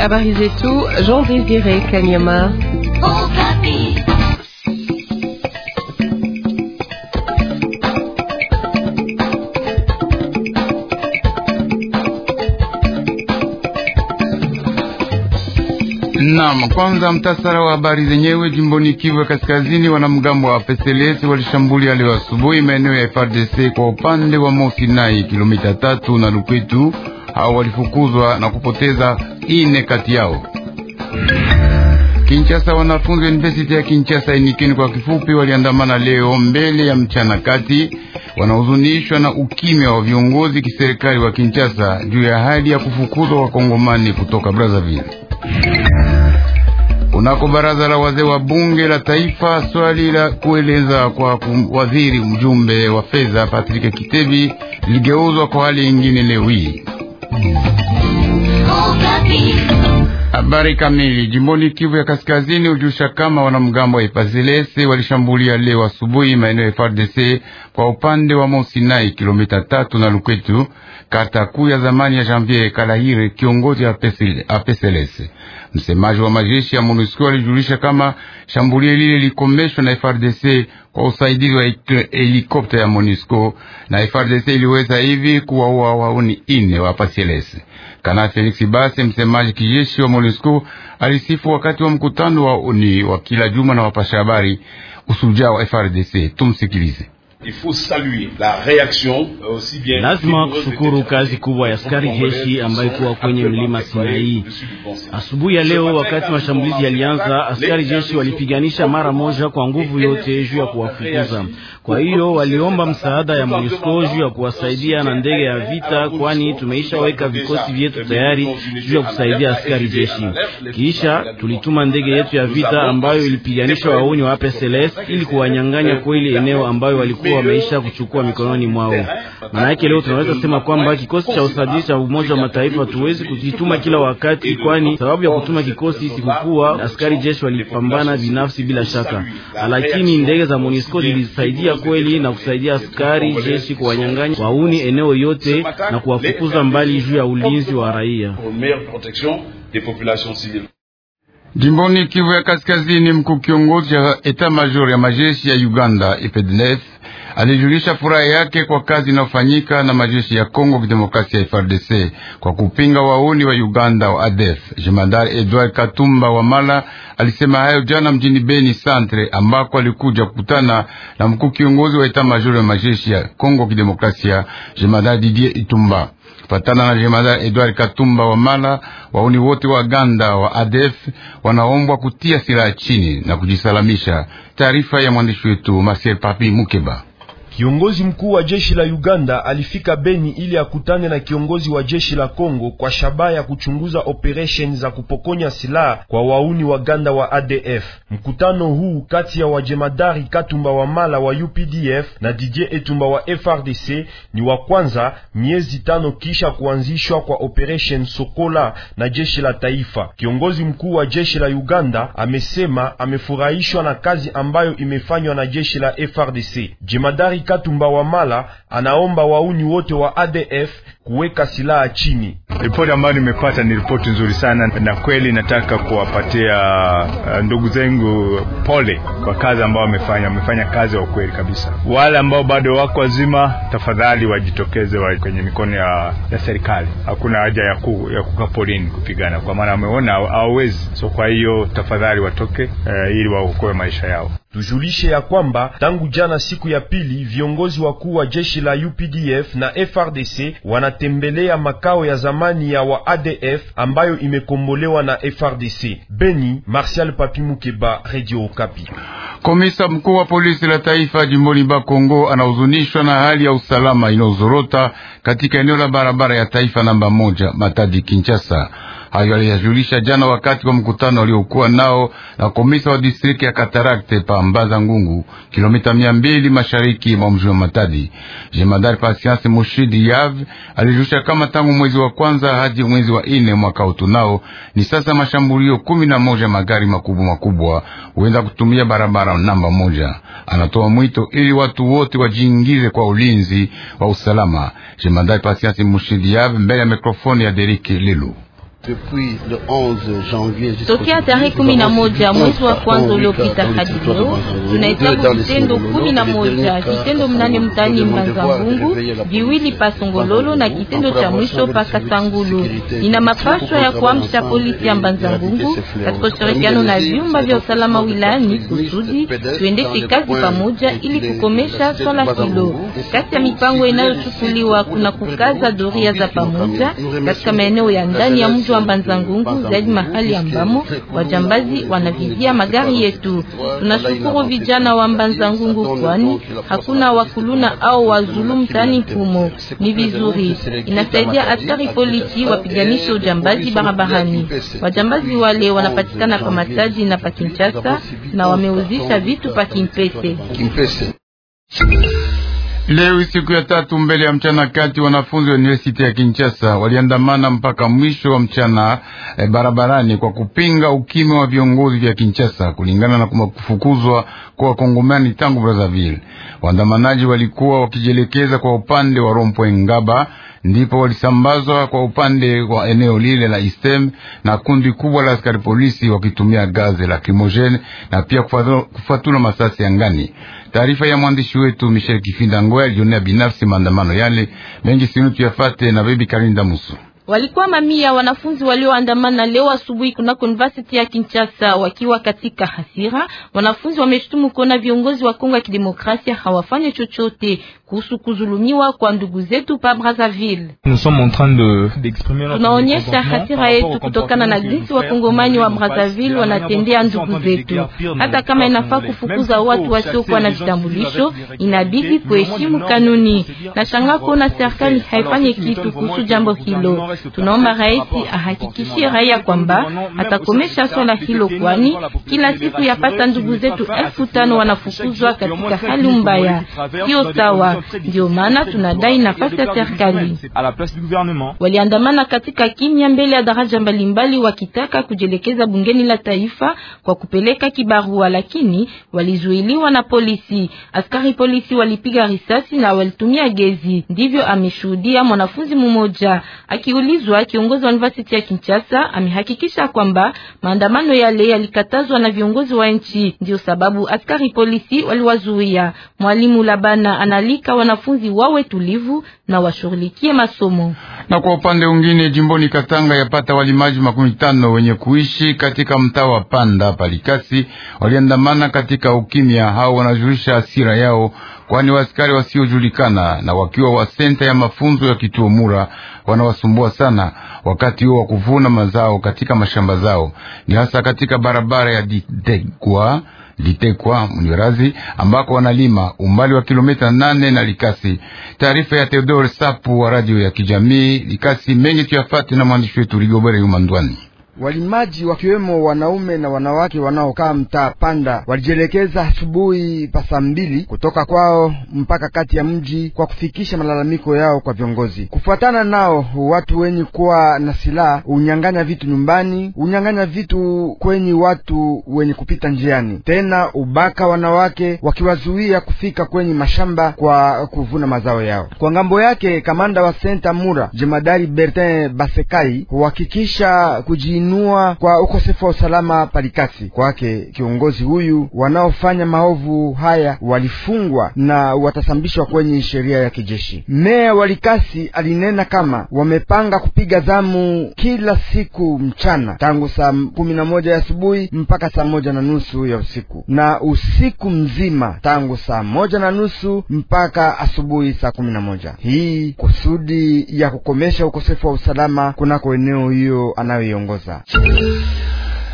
Habari zetu Jean Désiré Kanyama. Okapi. Naam, kwanza mtasara wa habari zenyewe. Jimboni Kivu ya Kaskazini, wanamgambo wa Peselesi walishambulia leo asubuhi maeneo ya frdc kwa upande wa Mosinai, kilomita tatu na Lukwetu au walifukuzwa na kupoteza ine kati yao. kinshasa wanafunzi wa university ya Kinchasa inikeni kwa kifupi, waliandamana leo mbele ya mchana kati, wanahuzunishwa na ukimya wa viongozi kiserikali wa Kinchasa juu ya hali ya kufukuzwa kwa Kongomani kutoka Brazzaville. Kunako baraza la wazee wa bunge la taifa, swali la kueleza kwa waziri mjumbe wa fedha Patrick Kitebi ligeuzwa kwa hali nyingine leo hii. Oh, Habari kamili. Jimboni Kivu ya Kaskazini hujulisha kama wanamgambo wa Epazelese walishambulia leo asubuhi maeneo ya FARDC kwa upande wa mosinai kilomita tatu na Lukwetu, kata kuu ya zamani ya Janvier Kalahire, kiongozi wa Apeselese. Msemaji wa majeshi ya MONUSCO alijulisha kama shambulio lile likomeshwa na FARDC kwa usaidizi wa helikopta ya MONUSCO na FARDC iliweza hivi kuwaua wauni ine wa Apeselese. Kanali Felix Base, msemaji kijeshi wa MONUSCO, alisifu wakati wa mkutano wa uni wa kila juma na wapasha habari usujaa wa FRDC. Tumsikilize. Il faut saluer la réaction, euh, aussi bien lazima kushukuru kazi kubwa ya askari jeshi ambayo kuwa kwenye mlima Sinai asubuhi ya leo. Wakati mashambulizi yalianza, askari jeshi walipiganisha mara moja kwa nguvu yote juu ya kuwafukuza kwa hiyo waliomba msaada ya MONUSCO juu ya kuwasaidia na ndege ya vita, kwani tumeishaweka vikosi vyetu tayari juu ya kusaidia askari jeshi. Kisha tulituma ndege yetu ya vita ambayo ilipiganisha wauni wa APCLS ili kuwanyang'anya kweli eneo ambayo walikuwa wameisha kuchukua mikononi mwao. Maana yake leo tunaweza sema kwamba kikosi cha usajili cha Umoja wa Mataifa tuwezi kukituma kila wakati, kwani sababu ya kutuma kikosi sikukuwa askari jeshi walipambana binafsi bila shaka, lakini ndege za MONUSCO zilisaidia kweli na kusaidia askari jeshi kuwanyang'anya wauni eneo yote na kuwafukuza mbali juu ya ulinzi wa raia. Jimboni Kivu ya Kaskazini, mkuu kiongozi ya eta major ya majeshi ya Uganda EPDF alijulisha furaha yake kwa kazi inayofanyika na majeshi ya Kongo Kidemokrasia ya FARDC kwa kupinga wauni wa Uganda wa ADF. Jemadari Edward Katumba wa Mala alisema hayo jana mjini Beni Centre, ambako alikuja kukutana na mkuu kiongozi wa etamajori ya majeshi ya Kongo Kidemokrasia, Jemadari Didier Itumba. Fatana na jemadari Edward Katumba wa Mala, wauni wote wa Uganda wa ADF wanaombwa kutia silaha chini na kujisalamisha. Taarifa ya mwandishi wetu Marcel Papi Mukeba. Kiongozi mkuu wa jeshi la Uganda alifika Beni ili akutane na kiongozi wa jeshi la Kongo kwa shabaha ya kuchunguza operesheni za kupokonya silaha kwa wauni wa Uganda wa ADF. Mkutano huu kati ya wajemadari Katumba wa Mala wa UPDF na DJ Etumba wa FRDC ni wa kwanza miezi tano kisha kuanzishwa kwa operesheni Sokola na jeshi la taifa. Kiongozi mkuu wa jeshi la Uganda amesema amefurahishwa na kazi ambayo imefanywa na jeshi la FRDC. Jemadari Katumba wa Mala anaomba wauni wote wa ADF kuweka silaha chini. Ripoti ambayo nimepata ni ripoti nzuri sana, na kweli nataka kuwapatia eh, ndugu zangu pole kwa kazi ambayo wamefanya. Wamefanya kazi ya ukweli kabisa. Wale ambao bado wako wazima, tafadhali wajitokeze wa kwenye mikono ya, ya serikali. Hakuna haja ya, ku, ya kukaa polini kupigana, kwa maana wameona hawawezi. So kwa hiyo tafadhali watoke eh, ili waokoe maisha yao. Tujulishe ya kwamba tangu jana siku ya pili viongozi wakuu wa jeshi la UPDF na FRDC wanatembelea makao ya zamani ya wa ADF ambayo imekombolewa na FRDC. Beni, Martial Papi Mukeba, Radio Okapi. Komisa mkuu wa polisi la taifa jimboni Bakongo anahuzunishwa na hali ya usalama inayozorota katika eneo la barabara ya taifa namba moja Matadi Kinshasa. Hayo aliyajulisha jana wakati wa mkutano aliokuwa nao na komisa wa distrikti ya Katarakte pa Mbaza Ngungu, kilomita mia mbili mashariki mwa mji wa Matadi. Jemadari Pasianse Mushidi Yav alijulisha kama tangu mwezi wa kwanza hadi mwezi wa ine mwaka utunao ni sasa mashambulio kumi na moja magari makubwa makubwa huenda kutumia barabara namba moja. Anatoa mwito ili watu wote wajiingize kwa ulinzi wa usalama. Jemadari Pasianse Mushidi Yav mbele ya mikrofoni ya Deriki Lilu. Tokea tarehe kumi na moja mwezi wa kwanza uliopita hadi leo tunahesabu vitendo kumi na moja vitendo mnane mtaani Mbanzangungu, viwili pa Songololo na kitendo cha mwisho pa Kasangulu. Nina mapashwa ya kuamsha polisi ya Mbanzangungu katika ushirikiano na vyumba vya usalama wilayani kusudi tuendeshe kazi pamoja ili kukomesha swala hilo. Kati ya mipango inayochukuliwa kuna kukaza doria za pamoja katika maeneo ya ndani ya mji wa Mbanzangungu, zaidi mahali ambamo wajambazi wanavizia magari yetu. Tunashukuru vijana wa Mbanzangungu, kwani hakuna wakuluna au wazulu mtani humo. Ni vizuri, inasaidia askari polisi wapiganishe ujambazi barabarani. Wajambazi wale wanapatikana pa Matadi na pa Kinshasa na wameuzisha vitu pa Kimpese. Leo siku ya tatu mbele ya mchana kati, wanafunzi wa universiti ya Kinshasa waliandamana mpaka mwisho wa mchana e, barabarani kwa kupinga ukime wa viongozi vya Kinshasa kulingana na kufukuzwa kwa wakongomani tangu Brazzaville. Waandamanaji walikuwa wakijielekeza kwa upande wa Rompwe Ngaba, ndipo walisambazwa kwa upande wa eneo lile la Istem na kundi kubwa la askari polisi wakitumia gazi la kimojene na pia kufatula masasi angani. Taarifa ya mwandishi wetu Michel Kifinda Ngoya alijionea binafsi maandamano yale yaani, mengi sinu tuyafate na Bibi Karinda Musu. Walikuwa mamia wanafunzi walioandamana leo asubuhi kunako University ya Kinshasa wakiwa katika hasira. Wanafunzi wameshutumu kuona viongozi wa Kongo ya Kidemokrasia hawafanyi chochote kuhusu kuzulumiwa kwa ndugu zetu pa Brazzaville. Tunaonyesha hasira yetu kutokana na jinsi wakongomani wa Brazzaville wanatendea ndugu zetu. Hata kama inafaa kufukuza watu wasiokuwa na vitambulisho, inabidi kuheshimu kanuni. Nashangaa kuona serikali haifanye kitu kuhusu jambo hilo. Tunaomba rais ahakikishie raia kwamba atakomesha swala hilo, kwani kila siku yapata ndugu zetu elfu tano wanafukuzwa katika hali mbaya, sio sawa. Ndio maana tunadai nafasi ya serikali. Waliandamana katika kimya mbele ya daraja mbalimbali, wakitaka kujielekeza bungeni la taifa kwa kupeleka kibarua, lakini walizuiliwa na polisi. Askari polisi walipiga risasi na walitumia gezi. Ndivyo ameshuhudia mwanafunzi mmoja. Akiulizwa, kiongozi wa university ya Kinshasa amehakikisha kwamba maandamano yale yalikatazwa na viongozi wa nchi, ndio sababu askari polisi waliwazuia. Mwalimu Labana analika katika wanafunzi wawe tulivu na washughulikie masomo. Na kwa upande mwingine, jimboni Katanga yapata walimaji makumi tano wenye kuishi katika mtaa wa Panda Palikasi waliandamana katika ukimya. Hao wanajulisha hasira yao, kwani wasikari wasiojulikana na wakiwa wa senta ya mafunzo ya kituo Mura wanawasumbua sana wakati huo wa kuvuna mazao katika mashamba zao, ni hasa katika barabara ya Didegwa Litekwa Mnyorazi, ambako wanalima umbali wa kilomita nane na Likasi. Taarifa ya Theodore Sapu wa radio ya kijamii Likasi mengi tuyafate na mwandishi wetu Rigobere Yumandwani. Walimaji wakiwemo wanaume na wanawake wanaokaa mtaa Panda walijielekeza asubuhi pa saa mbili kutoka kwao mpaka kati ya mji kwa kufikisha malalamiko yao kwa viongozi. Kufuatana nao, watu wenye kuwa na silaha hunyanganya vitu nyumbani, hunyanganya vitu kwenye watu wenye kupita njiani, tena ubaka wanawake wakiwazuia kufika kwenye mashamba kwa kuvuna mazao yao. Kwa ngambo yake, kamanda wa Senta Mura jemadari Bertin Basekai huhakikisha kuji kujiinua kwa ukosefu wa usalama palikasi kwake kiongozi huyu. Wanaofanya maovu haya walifungwa na watasambishwa kwenye sheria ya kijeshi. Meya walikasi alinena kama wamepanga kupiga zamu kila siku mchana tangu saa kumi na moja ya asubuhi mpaka saa moja na nusu ya usiku na usiku mzima tangu saa moja na nusu mpaka asubuhi saa kumi na moja hii kusudi ya kukomesha ukosefu wa usalama kunako eneo hiyo anayoiongoza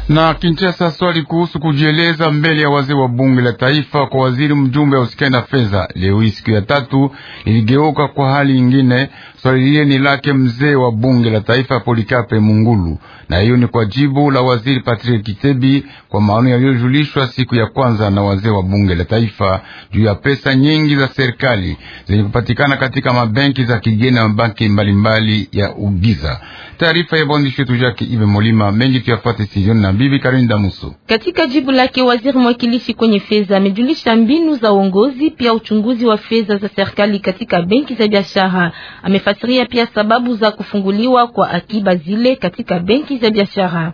na Kinshasa swali kuhusu kujieleza mbele ya wazee wa bunge la taifa kwa waziri mjumbe wa usikani na fedha. Leo hii siku ya tatu iligeuka kwa hali nyingine, Swali hiyo ni lake mzee wa bunge la taifa Polikape Mungulu, na hiyo ni kwa jibu la waziri Patrick Kitebi kwa maoni yaliyojulishwa siku ya kwanza na wazee wa bunge la taifa juu ya pesa nyingi za serikali zenye kupatikana katika mabenki za kigeni na mabanki mbalimbali ya Ugiza. Taarifa ya mwandishi wetu Jacques Ive Molima mengi tuyafuate sijoni na bibi Karini Musu. Katika jibu lake waziri mwakilishi kwenye fedha amejulisha mbinu za uongozi pia uchunguzi wa fedha za serikali katika benki za biashara. Amefanya wanafasiria pia sababu za kufunguliwa kwa akiba zile katika benki za biashara.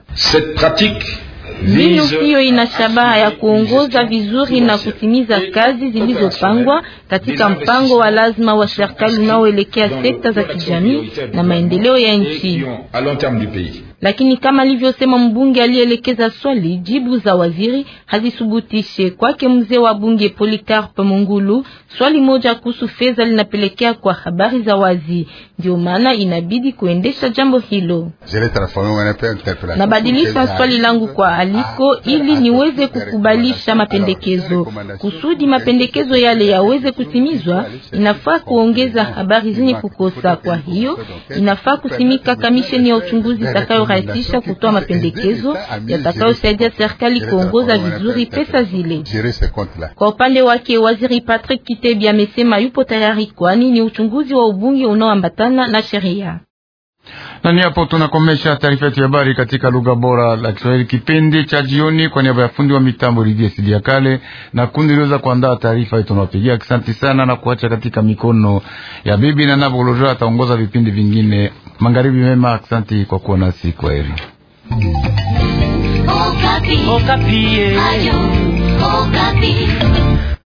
Mbinu hiyo ina shabaha ya kuongoza vizuri na kutimiza kazi zilizopangwa katika mpango wa lazima wa serikali unaoelekea sekta za kijamii na maendeleo ya nchi lakini kama alivyosema mbunge alielekeza swali, jibu za waziri hazisubutishe kwake. Mzee wa bunge Polycarp Mungulu, swali moja kuhusu fedha linapelekea kwa habari za wazi, ndio maana inabidi kuendesha jambo hilo. Nabadilisha swali langu kwa aliko ah, ah, ili ah, niweze kukubalisha mapendekezo kusudi mapendekezo yale yaweze kutimizwa. Inafaa kuongeza habari zenye kukosa, kwa hiyo inafaa kusimika kamisheni ya uchunguzi itakayo kurahisisha kutoa mapendekezo yatakayosaidia serikali kuongoza vizuri pesa zile. Kwa upande wake, waziri Patrick Kitebi amesema yupo tayari, kwani ni uchunguzi wa ubunge unaoambatana na sheria na ni hapo tunakomesha taarifa yetu ya habari katika lugha bora la Kiswahili kipindi cha jioni. Kwa niaba ya fundi wa mitambo Lidia Sidi ya kale na kundi liweza kuandaa taarifa yetu, tunawapigia asante sana na kuacha katika mikono ya bibi na Nabogolojora ataongoza vipindi vingine. Magharibi mema, asante kwa kuwa nasi, kwa heri. Okapi. Okapi. Eh. Ayu, Okapi.